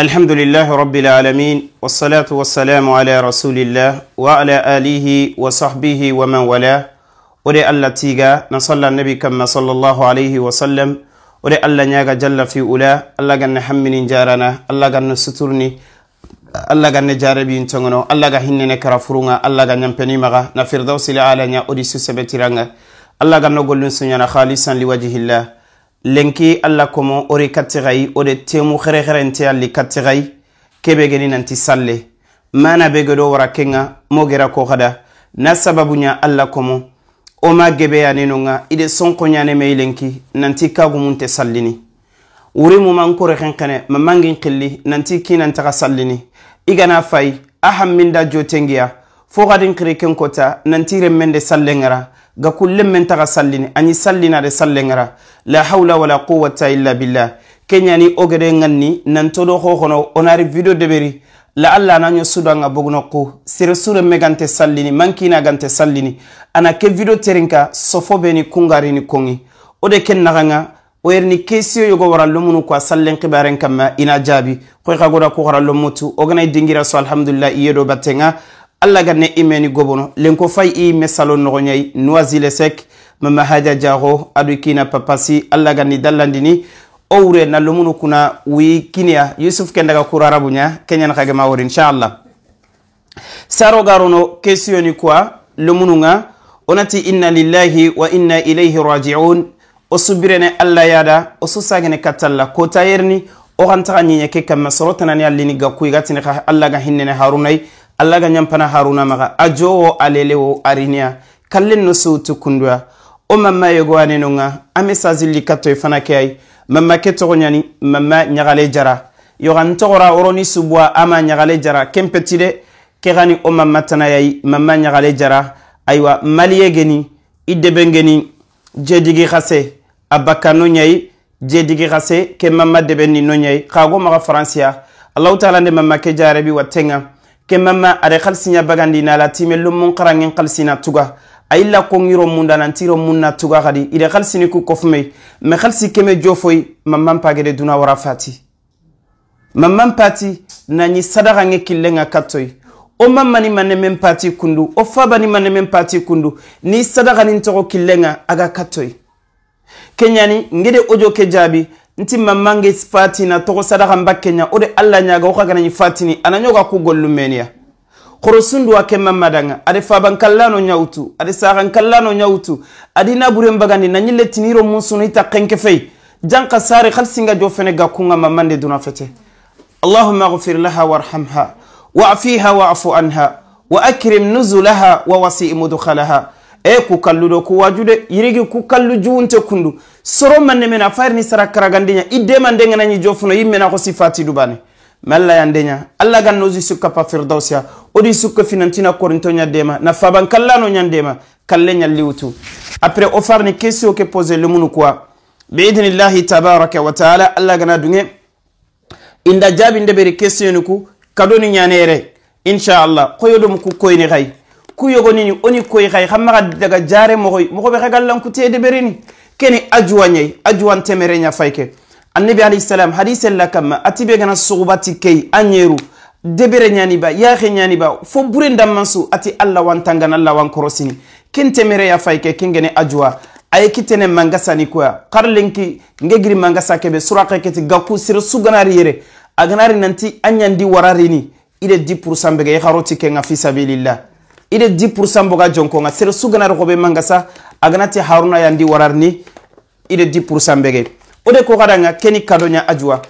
الحمد لله رب العالمين والصلاة والسلام على رسول الله وعلى آله وصحبه ومن والاه ولي الله تيغا نصلى النبي كما صلى الله عليه وسلم ولي الله نياغا جل في أولا الله غن حمن جارنا الله غن سترني الله غن جاربي انتغنو الله غن هنن كرافرونا الله غن يمبني مغا نفردوس العالى نيا ودي سسبتيرانا الله غن نقول نسينا خالصا لوجه الله lenki alla komo ori katixayi o de temu xerexerente ali katixayi kebe geni nanti salle mana be gedo wara kenga mo gera ko xada na sababuɲa alla komo o ma gebeyanenonga i de sonxoɲane me i lenki nanti kagumunte sallini wuri muma n kori xenxene mamangin xilli nanti kinantaxa sallini i gana fayi a hamminda jotengiya fo xadin xiri ken kota nanti remmende sallengara ga kullen men taga sallini ani sallinade sallengera la hawla wala quwata illa billah keñani ogede ganni nantodo xoxono onari video deɓeri la allah naño sudanga bogno qu sere sure megante sallini mankina gante sallini ana ke video terinka sofobeni kungarini kongi ode ken naxanga o yerni kesio yogo wara lomunu ko a sallen xibaren kam ma ina jaabi xoy xa goda ku xara lomutu oganay dingira so alhamdulillah iyedo battenga allah ga ne imeni gobono len ko fay i messalo nogoñayi noisile sek mama hadia diaho aɗo kina papasi allah ga ni dallandini o wure na lomunu kuna wi kinia yusuf ke daga kour arabu ña keñan xage ma wor inchallah saro garono question ni quoi lomunu ga onati inna lillahi wa inna ilayhi radiun o subirene allah yada o susagene kattalla ko tayerni o xantaxa ñiñe ke kamma soro tanani allini gakkuyi ga tini xa allah ga hinnene harunayi allah ga ñampana haruna maxa a jowo alele wo ariniya kallen no sewutu kunduya o mama yogo aneno ŋa a message li katoy e fana ke ay mama ke toxo ñani mama ñaxale jara yoxan toxora woroni subwa ama ñaxale jara kempeti de ke xani o mama tanayayi mama ñaxale jara aywa maliye geni i deben geni jedigi xase a bakka no ñayi jedigi xase ke mama deben ni no ñayi xa go maxa faransiya allahu taala nde mama ke jarabi wa tenga kemama ada kalsinya bagandi nala time lumun karangin kalsina tuga ayilla koŋiro mun danan tiro mun na tuga kadi ida kalsini ku kofume ma kalsi keme jofoi mamman pagede duna wara fati mamman pati nani sadaka ŋe killenŋa kattoi o mammani manne men pati kundu o fabani manne men pati kundu ni sadakanin togo killenŋa aga kattoi kenyani ŋede ojo ke jaabi nti mamange fatina togo sadakanba kenya wo de alla ɲaga wo ka ganaɲi fatini ana ɲo ga ku gollumeniya korosundu ake mamadanga ade fabankallano nyautu ade nyautu ade nabure mbagani na nyile tiniro mun sunu ita kenkefei janka sari halsinga jo fene ga mamande dunafete Allahumma gufir laha warhamha waafiha waafu anha wa akrim nuzulaha wa wasii mudkhalaha ey ku kalluɗo ko wajude yirigui ku kallu juwunte kundu soro mande men a fayrni sara karagandeña iddema ndeganañi jofuno yimmena ko sifati dubane mi allah ya ndeña allah ganno ji sukka pa firdausia oɗi sukka finantina korinto ñaddema na faban kallano ñaddema kalle ñalliwutu après o farni question ke posé le munu quoi bi idnillahi tabaraka wa taala allah gana dunge inda jaabi ndeɓeri question ni ku kadoni ñaneere inchallah koyoɗomu ku koyni hay kuyogonini oni koy xay xam maxa daga jare mo koy be xegal lan ku tede berini kene ajuwañay ajuwan temere nya fayke annabi hadith la kam atibe gana sugbati kay anyeru nya ni ba ya debere nya ni ba fo bure mansu ati alla wan tangana alla wan korosini ken ya fayke kengene ajuwa ay kitene mangasani koya xar lenki ngegiri mangasa kebe suraxe keti gakku sire suganari yere aganari nanti anyandi wararini ile 10 pourcent bege ke nga fi sabilillah ide 10% boga jonkonga sero suganar hoɓe manga mangasa aganati haruna yandi wararni ide 10% bege ode ko gadanga keni kadonya ajwa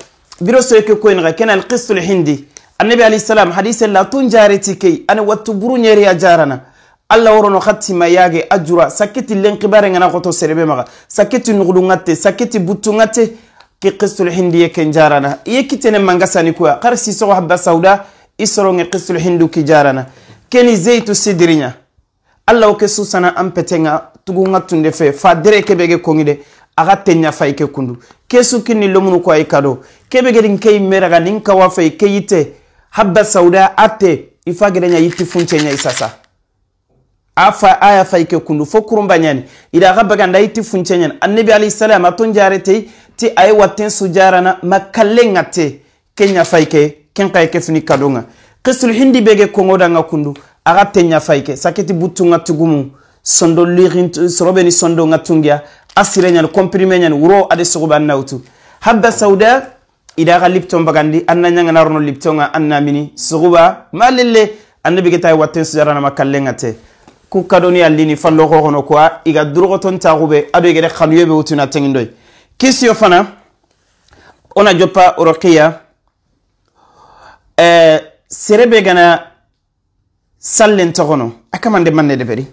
biro soyke koynaxa kena alkistul hindi annabi alayhi salam hadise la tunjari jareti key ane wattu buru ñeriya jarana allah worono xattima yaage a jura sakkiti lenxibare xoto serebe maga sakkiti nuxudunga te sakkiti buttunga te ki qistul hindi ye njarana jarana iye kitene mangasani kuya xar sisoxo habba sauda i soronge qistul hindu ki jarana keni zeitu sidirinya alla o ke susana an petenga tugu ŋa tunde fe fa dere kebe ge koŋide aga tenya fa ike kundu kesu kini lomunu kwa ikado kado kebe ge din kei meraga nin kawa fe ke yite habba sauda ate ifa gede nya yiti funche nya isasa afa aya fa ike kundu fo kurumba nyani ida aga baga nda yiti funche nya annabi alayhi salam aton te ti ay waten sujarana makalenga te kenya fa ike kenka ike fini kadonga kisul hindi bege kongo danga kundu aga tenya faike saketi butu nga tugumu sondo lirin sorobe sondo nga tungia asire nyan komprime nyan wuro ade sogoba nautu utu habda sauda ida ga lipton bagandi anna nyanga narono lipton nga anna mini sogoba malille annabi ke tay watten sujarana makallengate ku kadoni allini fallo ko hono ko iga durgo ton tagube ado igere khanuye be utuna tengindoy kisio fana ona jopa orokia eh سيربي غانا سالين تغنو اكامان دي ماني دبري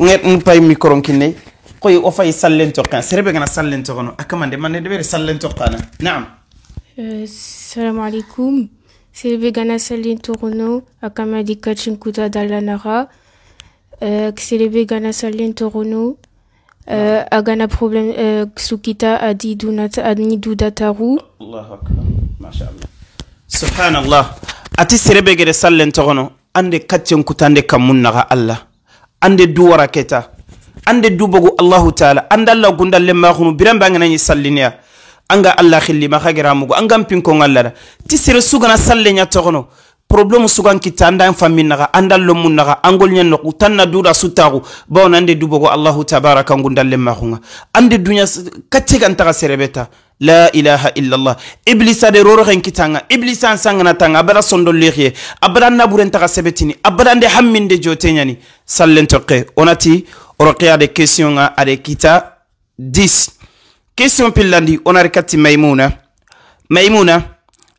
نيت نباي ميكرون كيني قوي وفاي سالين تغنو سيربي غانا سالين تغنو اكامان دي دبري سالين تغنو نعم السلام عليكم سيربي غانا سالين تغنو اكامان دي كاتشين كوتا دالانا را سيربي غانا سالين تغنو اغانا بروبلم سوكيتا ادي دونات أدي دوداتارو الله اكبر ما شاء الله سبحان الله ati serebe gere sallen togono ande katten kutande kammun naga allah ande duwara keta ande dubogu allahu taala ande allah gundallen maxunu biran bangenañi sallineya anga allah xilli maxa gera mugu angan pinkon allah ti sere sugana salleña togono problème sugan kitta andan fammin naxa andan lommun naxa angolñen noxu tan na duda suttaxu bawon ande dubogo allahu tabaraka ngundallen maxunga ande duña kattegantaxa serebeta la ilaha illallah iblisa de roro hen kitanga iblisa an sangana tanga abara sondo lekhiye abara naburen taga sebetini abara nde hamminde joteñani sallen toqe onati oroqe ade question nga ade kita 10 question pillandi onare katti maymuna maymuna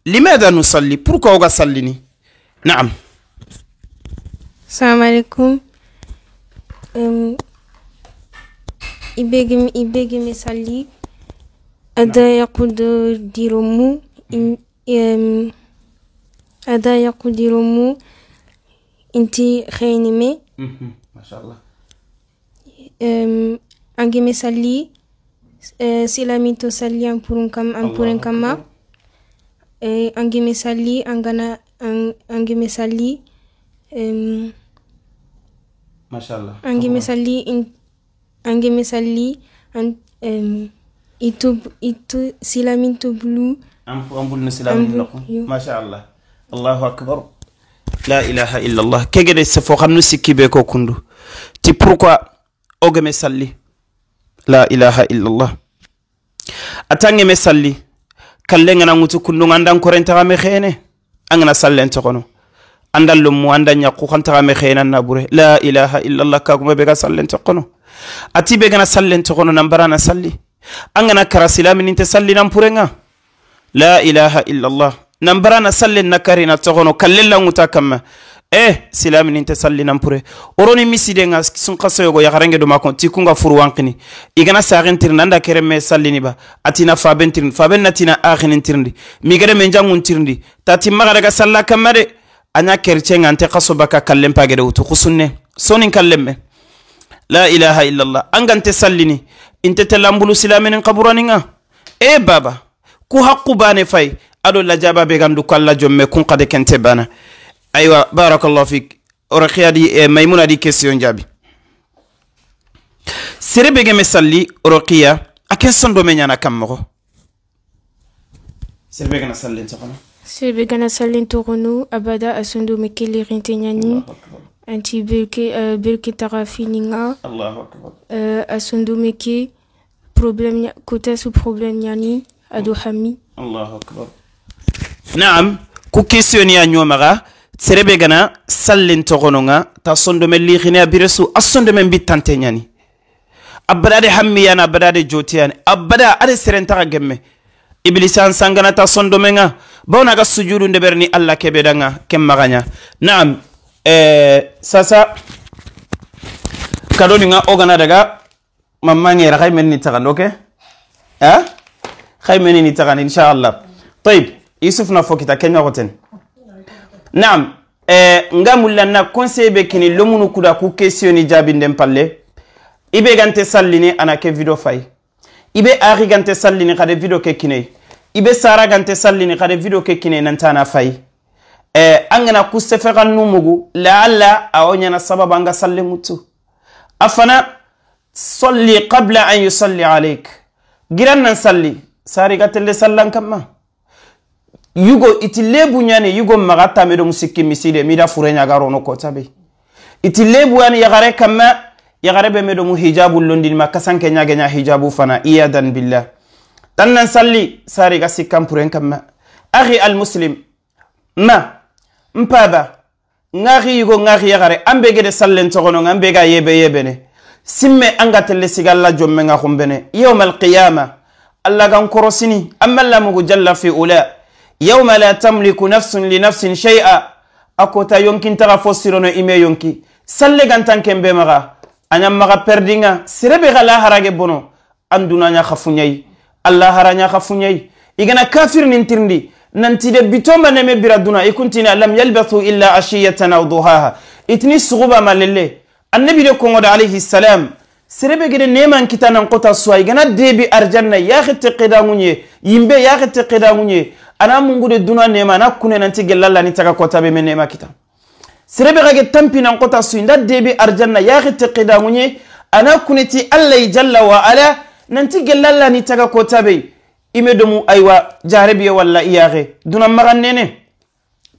limada nusalli pourquoi oga sallini naam salamu aleykum um, ibegimi ibegimi salli هذا يقدر مو هذا يقدر مو انت خينمي ما شاء الله أنجمي سالي silamin to salli an purin kam an purin kamma an gimi salli an gana an gimi salli mashallah an gimi salli an gimi salli an يتوب سلامين تبلو ما شاء الله الله أكبر لا إله إلا الله كجد سفوخم نسكي بيكو كندو تي بروكوا ogeme salli la ilaha illallah atangeme salli kalle ngana ŋutu kundu andan korentaxame xeene a ngana sallen toxono andan lomu anda ɲaku xantaxame xeene an nabure la ilaha illallah kaguma be ga sallen toxono ati be gana sallen toxono nan barana salli an kana kara silaminin tɛ sallinan purenga la ilaha illallah nan bara na sallen na kari na tɔgɔnɔ kalle languta kamma e eh, silaminin tɛ sallinan oroni misiden ga sun kasoyogo yagarenge doma kon ti kun ga furu wankini atina faben faben natina axinin tirindi migere men jangun salla kamma de a ɲa kericen nte kaso baka wutu xusunne sonin kallen la ilaha illallah an gante sallini inte tellanbulu silaminin kaburaninga e eh, baba ku hakku bane fay ado jaba be gandu kala jomme kun kade kente bana aywa barakallahu fik orokiya di eh, maimuna di question jabi sere bege mesalli orokiya aken sondo me nyana kam mogo sere bege na sallin tokono sere bege na sallin tokono abada asundu me kelirinte nyani anti birke euh, birke taga fini Allahu akbar uh, problem kote su problem yani ado hami Allahu akbar na'am ku question ya nyomaga serebe gana sallin togono nga ta sondo melli khina biresu asondo bitante nyani abada hammi yana abada de abada ade serenta gemme iblisan sangana ta sondo menga ga sujudu ndeberni alla kebedanga kemmaganya na'am E, sasa kado ninga ogana daga mammagera xay men ni taxand ok a xay meni ni taxan inchallah toyib yusuf na fokita keñaxo ten naam e, nga mulanna conseil be kini lomunu kuda ku question ni jabinden palle i be gante sallini ana ke video fay i be axi gante sallini xade video ke kineyi i be sara gante sallini xade video ke kineyi nantana fayi eh, an gana ku sefekan numugu laalla awo ɲana sababu an ga salli mutu a fana solli qabla an yusalli alaik giran nan salli sari ga telle sallan kamma yugo iti lebu ɲani yugo maga tame don sikki miside mida fure ɲagarono kotabe iti lebu ani yagare kamma yagare be me domu hijabu londinima kasanke ɲageɲa hijabu fana iyadan billa dan nan salli sari ga sikkan puren kamma ahi almuslim ma n paba n ŋa xi yigo n ŋa xi yaxare an be gede sallen soxono ŋa n be ga yebe yebene simme an ga telle sigalla jomme ŋa xunbene yawma alqiyama alla gan korosini an malla mugu jalla fi ula yawma la tamliku nafsun li nafsin shay a a kota yonkintaxa fo sirono ime yonki salle gantan ken be maxa a ɲan maxa perdinŋa serebe xa laharage bono an dunaɲa xa funɲayi a laharaɲa xa funɲayi i gana kafir nin tirindi nantide bitoma neme bira duna ikuntini lam yalbathu illa ashiyatan aw duhaha itini suguba malelle annabi de kongoda alayhi salam serebe gede neman kita nan kota suwa igana debi arjanna yaxete kedanŋuye yimbe yaxete kedanŋuye ana mungude duna nema ana kune nanti gellalani taga kotabe me nema kita serebe xage tampi nan kota su inda debi arjanna yaxete kedanŋuye ana kuneti allah jalla wa ala nanti gellalani taga kotabe ime domu aywa jarebiye walla iyaxe duna maxan nene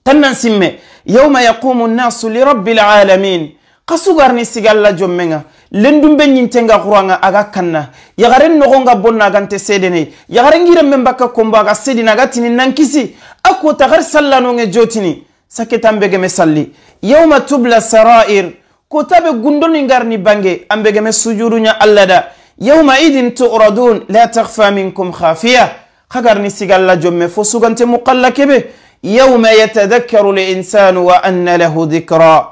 tan nan simme yauma yaqumu nnasu lirabilalamin xa sugarni sigalla jommenga lendunbe ñintenga xuranga aga kanna yaxaren noxonga bonna agante sedene yaxaren giranmen bakka konbo aga sedini aga tini nankisi a kota xar sallanonge jotini saketan begeme salli yauma tubla sarair kota be gundoningarni bange an begeme sujuduña allah da yawmaidin turadun la tahfa minkum khafiya hagarni sigalla jomme fo sugante muqalla keɓe yawma yatadakkaru linsanu wa anna lahu dikra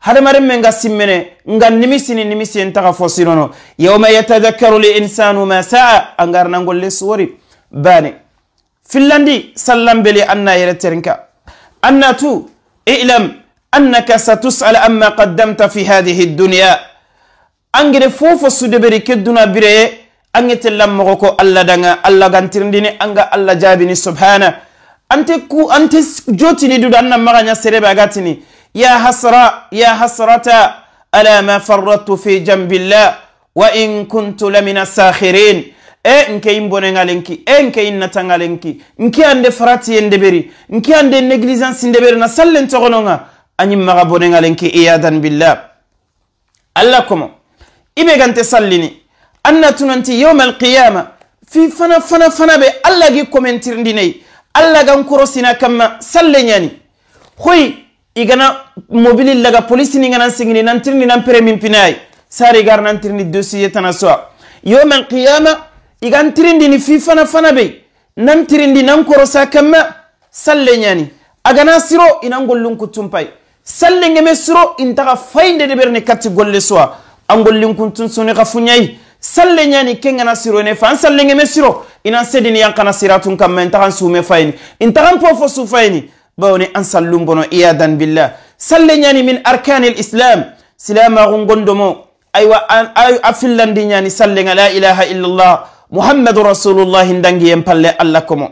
hadamaren me nga simmene ngan nimisini nimisi en taxa fo sinono yawma yatadakkaru linsanu ma saa a ngarnangolle suwori bane fillandi sallambeli anna yere terenka anna tu ilam annaka satusal anma qaddamta fi hadihi dunia angene fofo sudeberi kedduna bireye angetella mogo ko allah danga allah gantirdini anga allah jabini subhana ante ku ante jotini duda annan maganya serebe agatini ya hasra ya hasrata ala ma farrattu fi jambillah wa in kuntu lamin assakhirin e nke in bone ngalenki e nke in natangalenki nke ande farati yendeberi nke ande négligence ndeberi na sallentogononga anin maga bone ngalenki iyadan billah allah komo ibe gante sallini anna tunanti yowma alqiyama fi fana fana fana ɓe allah gi komentirdinayi allah gankoro sina kamma salle ñani hoyi igana mobili laga policini ganan sigini nantirdi nan pre min pinayi sari gar nantirdi dossier tana soa yowma alqiyama igantirindini fi fana fana ɓe nantirindi nan korosa kamma salle ñani agana siro inan gollun kuttumpayi salle geme siro intaga fayindede ɓerne katti golle soa angollinkuntun sonika fuñayi salle ñani kengana sirone fa an sallengeme siro inan sedini yankana siratun kamma intaxan sume fayini intaxan pofo su fayini bawne an sallun bono iyadan billah salle ñani min arkani l islam silamaxun gondomo aywa a fillandi ñani sallenga la ilaha illallah muhammadu rasulullahi ndangiyen palle allah komo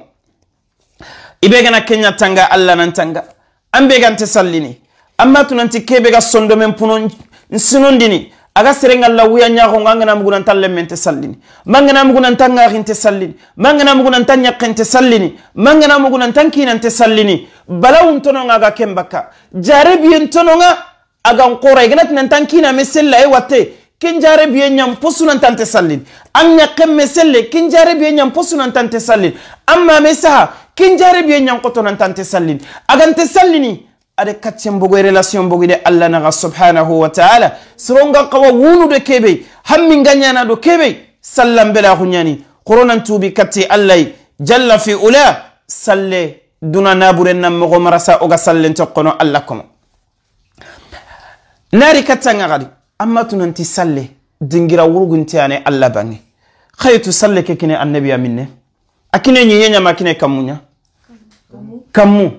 ibe gana kenya tanga allah nan tanga an be gante sallini amma tunanti kebe ga sondomen puno n sinondini aga serengalla wuya ñaxonga a ngana mugunanta lemmenta sallini mangana mugunanta ngaxinte sallini mangana mugunanta ñaqente sallini mangana mugunanta kinante sallini balawuntononga aga ken bakka jarebiyentononga agan qora iganatinantan kiname sella e watte ken jarebiye ñam posunantante sallini an ñaqemme selle ken jarebiye ñam posunantante sallini an mame saha ken jarebiye ñankotonantante sallini agante sallini ada kattenbogoye relation bogude allah naga subhanahu wa taala soronga kawa kebe hammi hammin do kebe sallan bela huñani qoronan tuubi katti Allah jalla fi ula salle duna nabure nam mogo marasa oga salle tokkono allah komo naari kattanga gadi amma tunanti salle dingira ane allah bange hayetu salle ke kine annabiya minne akine ñiyeñama kine kammuña kamu.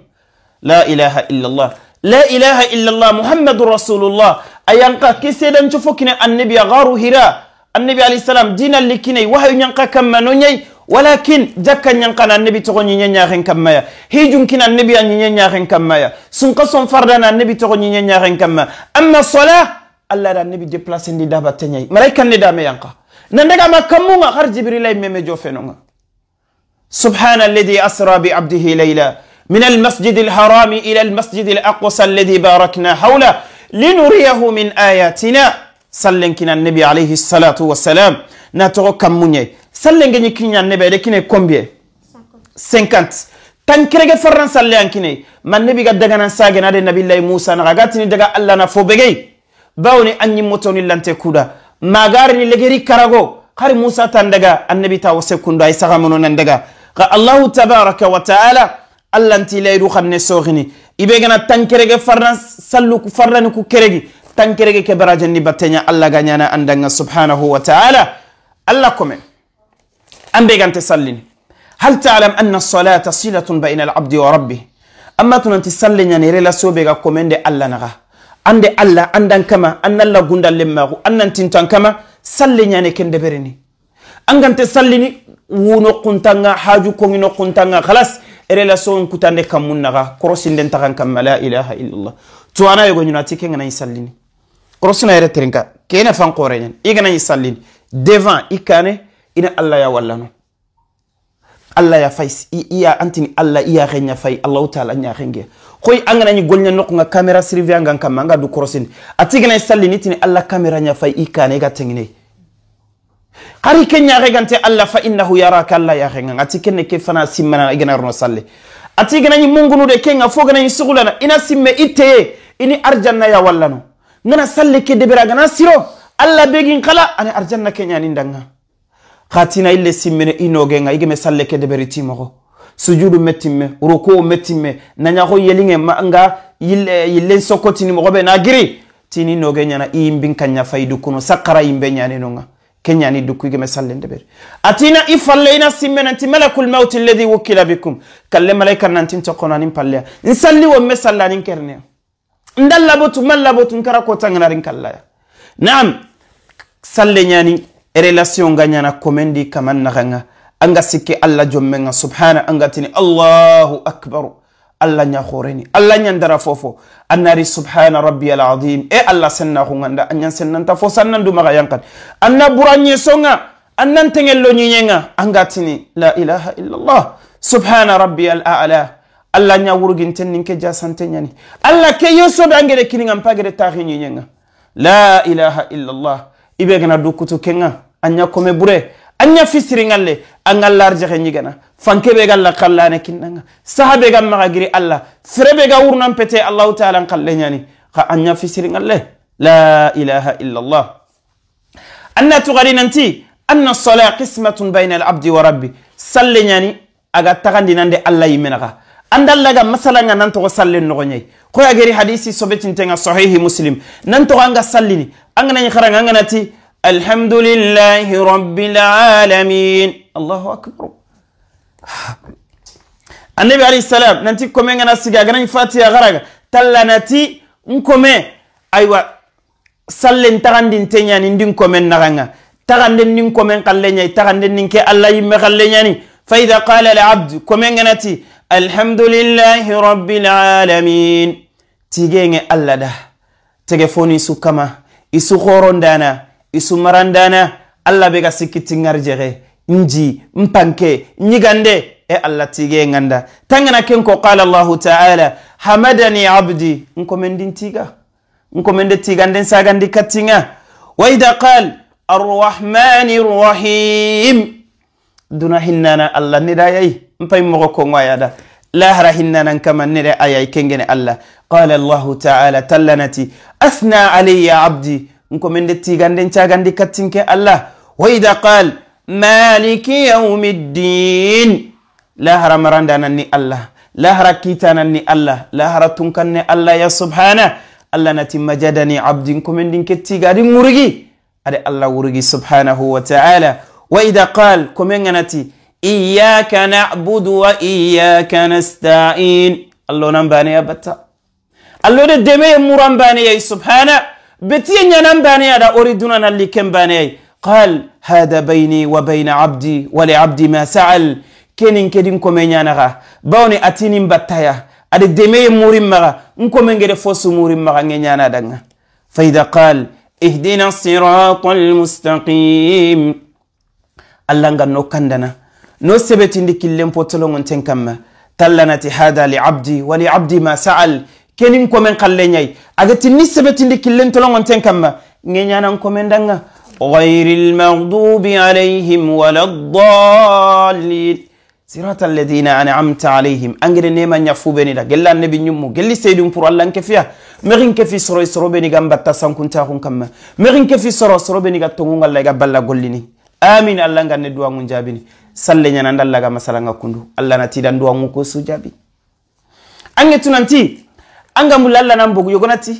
لا إله إلا الله لا إله إلا الله محمد رسول الله أيانقا كسيدان شفوكنا النبي غارو هرا النبي عليه السلام دينا لكيني وهي ينقا كما نوني ولكن جاكا ينقا النبي تغني ينياغن كما يا هيجون كنا النبي أن ينياغن كما يا سنقصن فردنا النبي تغني ينياغن كما أما الصلاة الله دا النبي دي بلاس دي دابا تنياي ملايكا ندامي ينقا نندقا ما كمونا غار جبريل ميمي جوفنونا سبحان الذي أسرى بعبده ليلا من المسجد الحرام إلى المسجد الأقصى الذي باركنا حوله لنريه من آياتنا سلنكنا النبي عليه الصلاة والسلام ناتو كم مني سلنكني كنيا النبي لكن كم بيه سنكنت تنكرك فرنا سلنكني ما النبي قد دعنا ساجنا النبي الله موسى نغاتني دعا الله نفوبجي باوني أني متوني لن تكودا ما غارني لجري كراغو خير موسى تندعا النبي تاوسف كندا يسقى منو نندعا الله تبارك وتعالى allanti laydu xam ne sooxini ibe gana tankerege farna sallu farrani ku keregi tankerege ke barajandi batteña allah ga ñana andanga subhanahu wa taala allah komen ambe gante sallini hal talam anna solata silatun baina alabdi wa rabbi amma tunanti salle ñani relation be ga komen de allah naxa ande allah andan kama anallah gundal le maxu annantintan kama salle ñane ken deɓereni angante sallini wuno quntanga haju kongino quntanga xalas relation n kutande kammun naxa korosinden taxan kamma la ilaha illallah tuwana yogoñunati ke ganai sallini korosina yere terinka kene fan qoreñen i ganai sallini devant i kane ina allah ya wallano allah ya fay iya antini allah iya xeña fay allahu taala ñaxengea koy a ngana ñi golña noqunga caméra surveillant ngan kamma anga du korosini ati ganai sallini tini allah caméra ña fay i kane i ga tengineyi xari ke ñaxegante allah fa innahu yaraka allah yaxengan ati kene ke fana simmenana i gana rono salle ati ganañi mungunude kenga fo ganañi suxulana ina simme i teye ini arjanna ya wallano ngana salle ke debera gana siro allah begin xala ani arjanna ke ñanindanga xatina ille simmene i nogenga i geme salle ke deberi timoxo sujudu mettinme rokuo mettinme nañaxo yelinge nga yillen sokkotini moxo ɓe na giri tini noge ñana i yimbin kanña fayidu kuno sakara yimbe ñanenonga kenyani dukkuige me sallende ɓere atina i falle ina simme nanti malakul mawti alladi wukila bikum kalle malaika nantin tokkono anin palleya n salli wonme salla anin kerneya ndan labotu man labotu nkara kotanganarin kallaya naam salle nyani relation ga ñana komendi kamanna naxanga anga sikke allah nga subhana anga tini allahu akbaru allah ñahoreni allah ñandara fofo annari subhana rabbiyal azim e allah sennahuganda a ñan sennanta fo sannandumaxa yankan anna buranñe songa annan tegello ñiñenga angatini la ilaha illallah subhana rabbiyal ala allah ña wurgin nin ke jasante ñani allah ke yesoɓe angede kiningan pagede taxi ñiñenga la ilaha illallah ibe gana du kutu kenga a ña kome bure a ña fisiringan le a fanke be galla kallane kinɗaga saha be gam maga giri allah fere be ga wurnan pete allahu taala n kalle ñani ka anya fisiriŋalle la ilaha illallah anna tugari nanti anna sala qismatun baina alabdi wa rabbi salle ñani aga tagandinande allah yimenaga andallaga masalaga nantogo sallen nogoñayi koy ageri hadisi sobetintega sahihi muslim nantogo anga sallini anganañi haraga anganati alhamdulilahi rabbilalamin allahu akbaru annabi alayhi salam nanti kome ngana siga a ganañi fatiha haraga talla nati n kome aywa sallen taxandin te ñani ndin komen naxanga taxanden nin komen xalle ñayi taxanden nin ke allah yimme xalle ñani fa ida qala abdu kome ti alhamdulillahi rabbil alamin tigenge allah da telefoni su kama isu xorondana isu marandana allah be ga sikkitingar jexe nji npanke nyigande e allah tige ganda tangana ken ko qala allah taala hamadani abdi nkomendin tiga nkomende tiganden sagandi kattinga wa ida qal arrahmani rrahim duna hinnana allah neda yayi npay mogo kongo ayada lahara hinnanan kama nede ayayi kengene allah qala allahu taala tallanati athna alayya abdi nkomende tiganden cagandi kattinke allah wa ida qal maliki yawmiddin lahara marandananni allah lahara kitananni allah lahara tunkanne allah ya subhana allah nati majadani abdin komendin kettiga adin wurigi ade allah wurigi subhanahu wa ta'ala wa ida qal komenga nati iyaka nabudu wa iyaka nastain allah nan baneya batta allah de demeye muran baneyay subhana betiye ñanan baneya da ori dunanalli ken baneyay qal hada bayni wa bayna abdi wa li abdi ma saal kenin kedin kome ñanaxa bawni atinin battaya ada demeye murin maxa n kome ngede fosu murin maxa ge ñanadanga faida qal ihdina sirata almustaqim allah ngan no kandana no sebetindi killen potolongon ten kamma tallanati hada li abdi wa li abdi ma saal kenin komen xalle ñay aga tinni sebetindi killen tolongon ten kamma ge ñanan komen danga غير المغضوب عليهم ولا الضالين صراط الذين أنعمت عليهم أنجر نيما نيفو بني دا جل نبي نيمو جل سيدون بور الله كفيا مغين كفي سرو سرو بني غام باتا سان كنتا هون كما مغين كفي سرو سرو بني غاتون الله غبالا غوليني آمين الله غان دعوا من جابني صلي نان الله غا مسالا غكندو الله نتي دان دعوا مكو سجابي أنجتو نانتي أنجا مولا الله نامبو يغناتي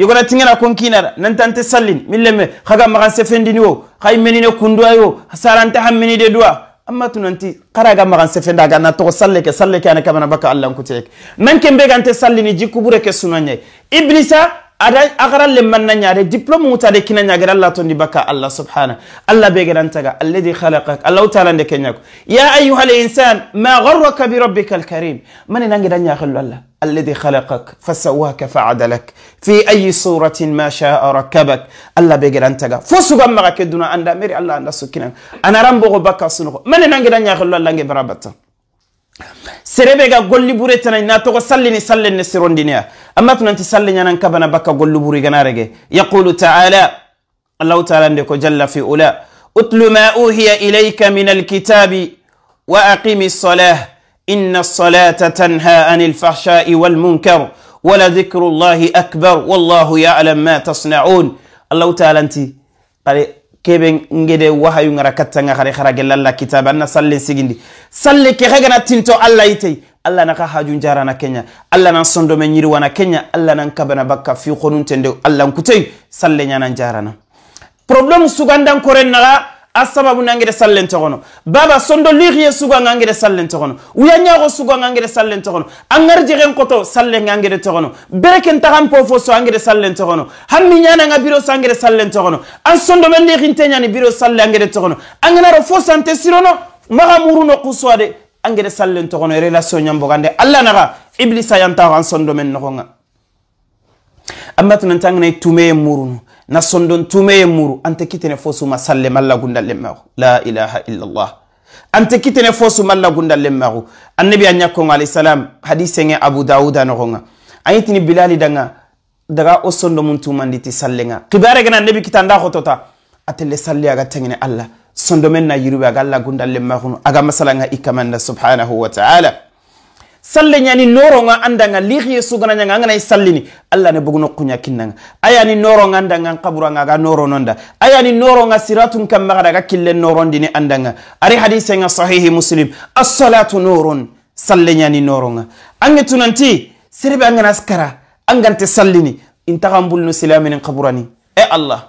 يقول تنينا كون كينا ننتن تسلين من لم خجا مغان سفندين يو خاي منين كندوا يو ساران تهم مني دوا أما تنتي قرا مغان سفند أجا نتو سلك سلك أنا كمان بك الله كتيك من كم بيجان تسلين يجي كبرة كسنانية إبليسا ada agara lemanna nyaare diplôme muta de kina nyaagara Allah tondi baka Allah subhana Allah begeran taga alladhi khalaqak Allah taala de kenyako ya ayyuhal insan ma gharraka bi rabbikal karim man nangira nyaa khallu Allah الذي خلقك فسواك فعدلك في أي صورة ما شاء ركبك الله بيجر أنتجا فسوا معك دون أن دميري الله أن سكينك أنا رمبو بك صنوه من نعيد أن يخلو الله برابطه سربعك قلبي بريتنا ناتو سلني سلني سرون دنيا أما تنت سلني أنا كبنا بك قلبي بري جنارك يقول تعالى الله تعالى عندك جل في أولى أتل ما أوهي إليك من الكتاب وأقيم الصلاة إن الصلاة تنهى عن الفحشاء والمنكر ولذكر الله أكبر والله يعلم ما تصنعون الله تعالى أنت قال kebe ngede wahayu ngara kattanga khare khara gelalla kitaba na salle sigindi salle ke khagana tinto alla ite alla na ka hajun jara na kenya alla na sondo me nyiri wana kenya alla na kabana bakka fi khonun tende alla nkutei salle nyana jara na problem sugandan koren naga a sababu nangede sallentoxono baba sondo lixiye sugo angangede sallentoxono wuyañaxo sugo angangede sallentoxono a ngarjexen koto sallengangede toxono bereken taxan pofoso angede sallentoxono han mi ñananga biro so angede sallentoxono an sondome lixinteñani biro salle angede toxono a nganaro fo sante sirono maxa muruno qusoade angede sallentoxono relation ñambogande alla naxa iblis a yantaxo an sondomen noxonga a mbatnanta ngana tumeye muruno nasson ɗon tumeye muru an tekkitene fo suma salle malla gundal lemmaru la ilaha illallah an tekkitene fo sumalla gundal lemmaru annabi a ñakkongo alayhisalam hadi senge abou daouda nogonga a yitini bilali danga daga o sondo mum tumanditi sallenga kibare gana annabi kita nda xotota atelle salle aga tengene allah sondo men na yiruɓe aga allah gundal lemmaruno aga masalanga ikkamanna subhanahu wa taala salle ñani noronga andanga lihiye sugana ñanga anganay sallini allah ne bugu nya bogno kuña kinnanga ayani noronga andanga kaburanga ga norononda ayani noronga siratun kammaga daga kille noro norondini andanga ari nga sahihi muslim assalatu noron salle ñani noronga ange tunanti serebe angana skara angante sallini intaxambulnu silaminin kaburani e allah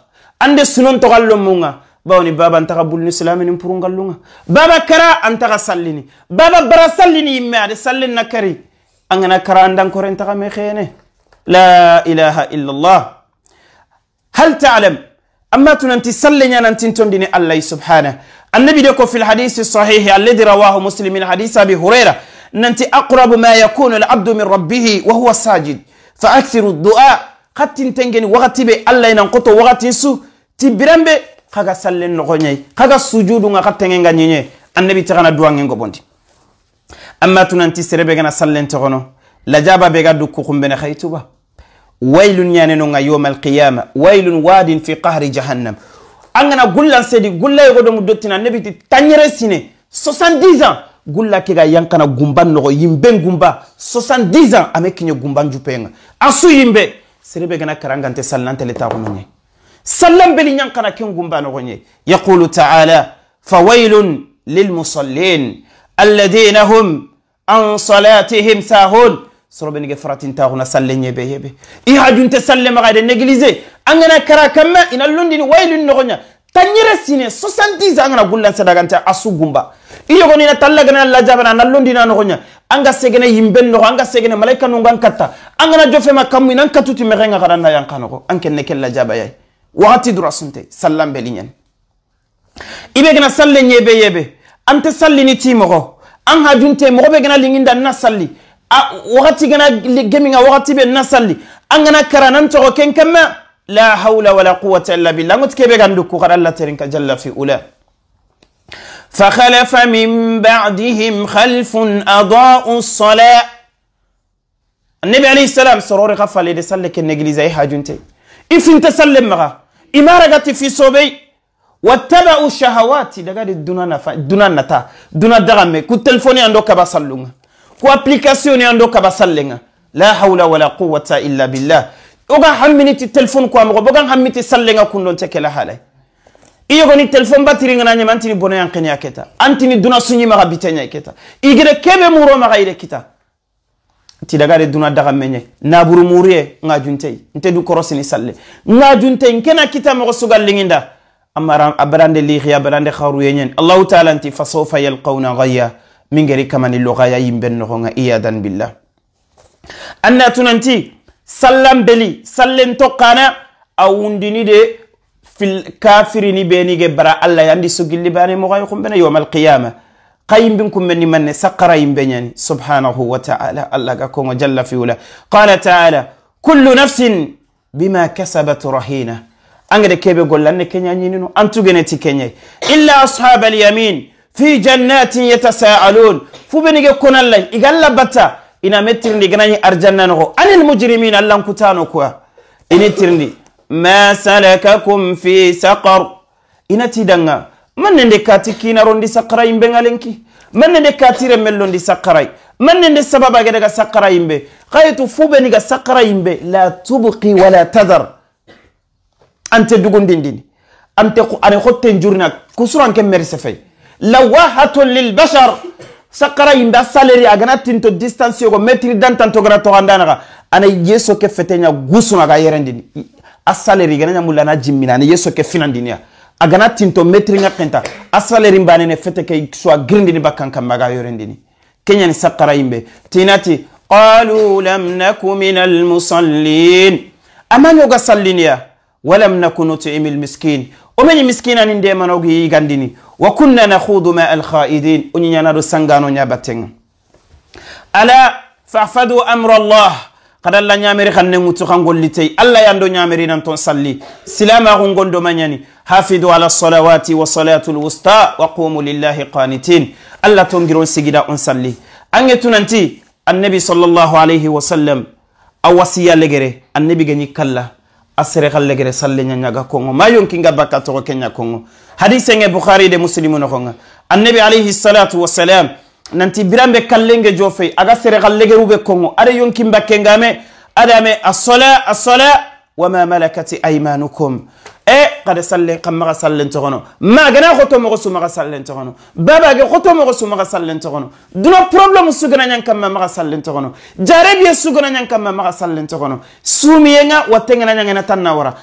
ande sunon togallo munga bawni baba antaka bulni silami nin purungallunga baba kara antaka sallini baba bara sallini yimme ade sallin na kari angana kara andan kore antaka me khene la ilaha illa allah hal ta'lam amma tunanti sallinya nantin tondini allah subhanahu النبي دكو في الحديث الصحيح الذي رواه مسلم من حديث ابي هريره ننتي اقرب ما يكون العبد من ربه وهو ساجد فاكثر الدعاء قد تنتنجن وقت بي الله ينقطو وقت يسو تبرم kaga sallen noxoñayi kaga sujudunga xa tengenga ñiñe annabi taxana duwangen gobondi amma tunanti serebe gana sallen toxono lajaba be ga dukku xumbene xay tuba wailun ñanenonga yoma alqiyama wailun wadin fi qahri jahannam an gana gullan sedi gullayigo domu dottina annabi ti tañere sine 70 ans gulla ke ga yankana gumba nogo yimben gumba 70 ans ame kiñe gumban jupenga asu yimbe serebe gana karangante sallantele taxuno ñayi سلم بلي نيانقنا كنغمبا نغني يقول تعالى فويل للمصلين الذين هم عن صلاتهم ساهون سرب نيجي فراتين تاغنا سلين يبي يبي اي حاجون تسلم غادي نغليزي انغنا كرا كما ان لوندين ويل نغني تنيرة سينة 70 ans na gulla sada ganta asu gumba iyo goni na talla gana la jabana na londi na no gonya anga segene yimben no anga segene malaika no ngan katta anga na jofe makamu nan katuti merenga kada na yankano ko anken ne kella jaba yayi wagati dura sunte sallan be liɲen i be gana salle ɲebe yebe an te sallini ti mogo an hajunte mogo be gana liŋinda na salli wagati gana geminga wagati be na salli an gana kara nan togo ken kenma la hawla wala quwata illa billah ngoti kebe gandu ku kada allah terin ka jalla fi ula فخلف من بعدهم خلف أضاءوا الصلاة النبي عليه السلام سرور غفل يسلك النجليزي هاجنتي إف انت سلم مغا إمارة قد في صوبي واتبعوا الشهوات دقال الدنان نفا الدنان نتا دنان دغمي كو تلفوني عندو كبا صلونا كو أبليكاسيوني عندو كبا صلنا لا حول ولا قوة إلا بالله oga hamminiti telefone ko amogo bogan hammiti sallenga kundon te kela halay iyogoni telefone batiringana ñama antini bonoyan kenya keta antini duna suñimaxa biteñay keta igire kebe muro maxa ire kita tidagade duna dagameñe naburu muruye nga juntey nte du korosini salle nga juntey nkena kita mogo sugalliginda amara abarande lihi abarande haruyeñen allahu taala nti fasaufa yalkauna gaya mingeri kamani logaya yimben nogonga iyadan billa anna tunanti sallan beli sallen tokkana a wundini de fil kafirini benige bara allah yandi sugilli bane mogoy kumbene yoma alqiyama kayimbin kummeni manne sakkarayi beñani subhanahu wa taala allah ga kongo jalla fiwla qala taala kullu nafsin bima kasabat rahina angede keɓe gollanne keñañinino antugeneti keñayi illa ashaba alyamin fi jannatin yatasaalun fu benige konallay igalla batta ina mettirndi ganañi arjannanoko anil mujrimin allankutano kuwa inettirndi ma salakakum fi saqar inatidanga manne nde kati kinaro ndi sakkara yimɓe ŋalenki manne nde katire mello ndi sakkaray manne nde sababage ndega sakkara yimɓe hayto fuɓeniga sakkara yimɓe la tubki wala tadar ante dugundindini ante ane hotte jurina kusuranke merse fay lawahatun lilbashar sakkara yimɓe a saleri agana tinto distancio go métri dantantogana tohandanaha ana yesso ke feteña gusunaga yerendini a saleri ganañamulle ana jimmina ana yesso ke finandiniya a gana tinto metriŋa kenta a salari banene fete ke soit girindini bakkan kam maga yorendini keñani sakara yimɓe tinati qalu lam naku min almusallin ama ñoga salliniya walam naku nutimi lmiskin o meñi miskinani ndemanogu yigandini wa kunna nahudu ma alkhaidin o ñiñanaɗo sangano ñabatteŋa ala fafadu amra allah kada la nyameri khanne ngutu khangolli tay alla yando nyameri nan ton salli silama ko gondo manyani hafidu ala salawati wa salatul wusta wa qumu lillahi qanitin alla ton giron sigida on salli ange tunanti annabi sallallahu alayhi wa sallam awasiya legere annabi gani kalla asere khalle gere salle nyaga kongo mayon kinga bakato kenya kongo hadise nge bukhari de muslimu no kongo annabi alayhi salatu wa salam nanti birambe kallenge jofe aga sere gallegerube kongo ada yonkimba kengame adame assola assola wama malakati aymanukum e kada sallen kam maga sallen togono magana xoto mogo su maga sallen togono babage xoto mogo su maga sallen togono duno problème sugana ñan kamma maga sallen togono jarebiye sugana ñan kamma maga sallen togono sumiyenga wattengana ñangena tanna wara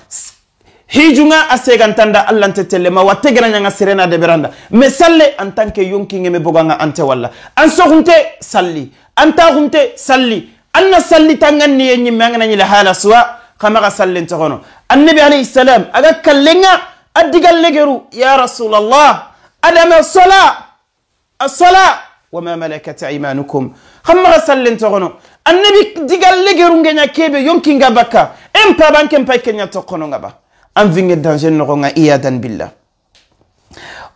hijunga a segantanda allante tellema watte geranaga serena deberanda mais salle en tant que yonkingeme boganga ante walla an sohunte salli anta hunte salli anna salli tangandiye ñimme aganañile hala suwa kamaga sallente hono annabi alayhi salam aga kallenga a digallegeru ya rasulallah adama sola a sola wama malakat imanukum hammaga sallente hono annabi digallegeru ngeña keɓe yonkinga bakka en pabanke pay keña tokkonongaba an finge dansen nogonga iyadan billah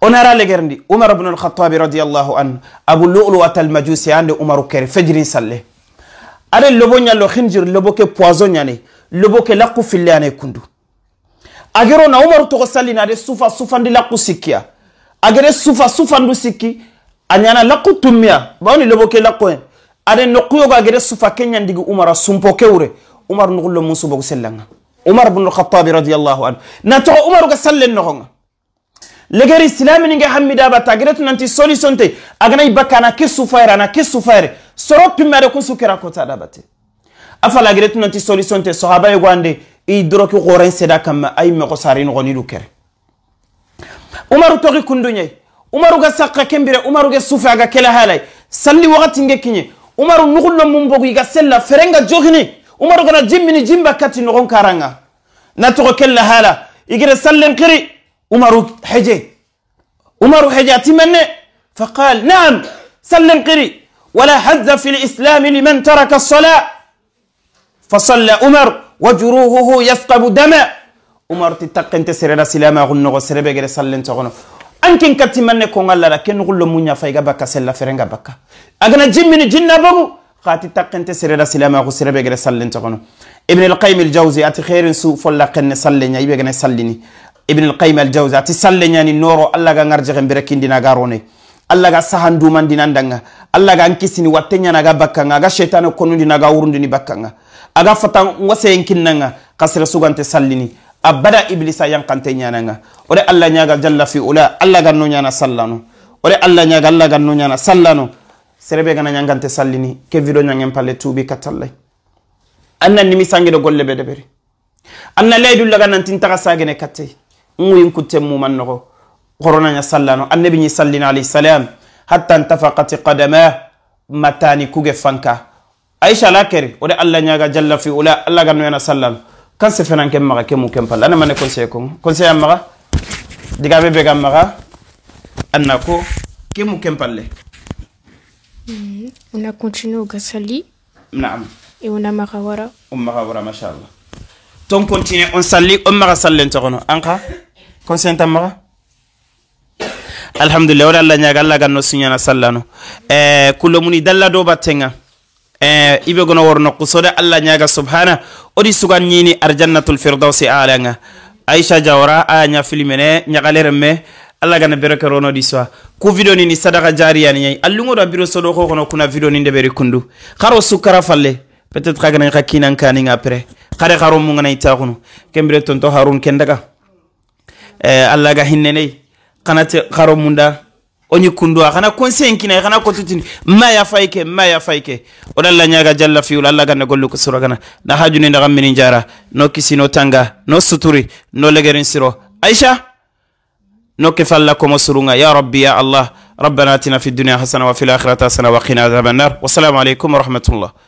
onara legerndi umar bnu alkhatabi radiallahu an abu lulu atal majusi ande umaru kere fejirin salle aɗa lobo ñallo hinjir lobo ke poison ñane lobo ke lakku fille ane kundu agero na umaru togo sallina ade sufa sufandi lakku sikkiya agere sufa sufandu sikki a ñana lakku tummiya bawni lobo ke lakku hen aɗa nokkuyogo agere sufa ke ñandigi umara sumpo kewre umaru nugullo mun subogo sellanga umar bnu lhatabi radiallahu anhu natoxo umaruga sallen noxonga legeri silamininge hammidabata gedetu nanti solution te aganai bakka ana ke sufayre ana ke sufayre soro pimmade kun sukera kota dabate afala gedetu nanti solution te sahaba yego ande i doroki xoren seda kamma ayi mexo sari noxonidu kere umaru toxi kunduñayi umaru ga sakka kembire umaru ge sufe aga kela halay salli waxatinge kiñe umaru nuxullo mun bogu iga sella ferenga joxini umar gona jimmini jimba kati nogon karanga na togo kella hala igire sallen qiri umaru haje umaru heje atimenne فقال نعم سلم قري ولا حد في الإسلام لمن ترك الصلاة فصلى عمر وجروهه يثقب دما عمر تتقن تسرى سلاما غنو غسر بغير سلم تغنو أنكن كتمنى كون الله لكن غلو منيا فايغا بكا سلا فرنغا بكا أغنى جمني جنة بمو قاتي تقنت سرلا سلاما خو سربه غير سلن تقنو ابن القيم الجوزي اتي خير سو فلا قن سلن يبي غن سلني ابن القيم الجوزي اتي سلن يعني نورو الله غا نرجخ بركين دينا غاروني الله غا سهان دومان دينا دنگا الله غا انكسني واتنيا نغا بكنغا غا شيطان كونو دينا غا وروندني بكنغا aga fatan wase yankin nan ga kasar su ganta sallini abada iblisa yankanta yana ga ore allah ya ga jalla fi ula allah ganno yana sallano ore allah ya ga allah ganno sere ɓe gana ñangante sallini kevviɗo ñangen palle tuuɓi kattallay annan nimi sangeɗo golle ɓe deɓere anna laydullaga nantin taxa sagene kattey uyin kutten muman noxo xoronaña sallano annabi ñi sallina alayhi salam hatta ntafakati kadama matani kuge fanka aicha ala kere wode allah ñaga jalla fi ula allah ga noyana sallano kan sefenanken maxa ke muken palle anamane conseiller kon conseiller an maxa digaɓe ɓegan maxa anna ko ke muken palle Mm. Mm-hmm. On a continué au Gassali. Naam. Et on a Marawara. On Marawara, mashallah. Donc on continue, on sali, on mara salen torono. Anka, consent amara. Alhamdulillah, ora Allah nyaga Allah ganno sunyana sallano. Eh, kulomuni dalla do batenga. Eh, ibe gono worno kusoda Allah nyaga subhana. Odi sugan nyini arjannatul firdausi alanga. Aisha Jawara, aya nya filimene, nyagalere me alla gana bere karono di soa ku video ni ni sadaka jariya ni nyai allungo da biro sodo ko kono kuna video ni ndebere kundu kharo sukara falle peut-être ka gana ka kinan kani nga pre khare kharo mu ngana ita kuno kembere tonto harun kendaga eh alla ga hinne nei kana te kharo munda onyi kundu kana konsen kina kana kotutini ma ya faike ma ya faike odalla nyaga jalla fi ul alla ganna gollu kusura gana na hajuni ndaga minin jara no kisi no tanga no suturi no legerin siro aisha نكفل لكم كومو يا ربي يا الله ربنا اتنا في الدنيا حسنه وفي الاخره حسنه وقنا عذاب النار والسلام عليكم ورحمه الله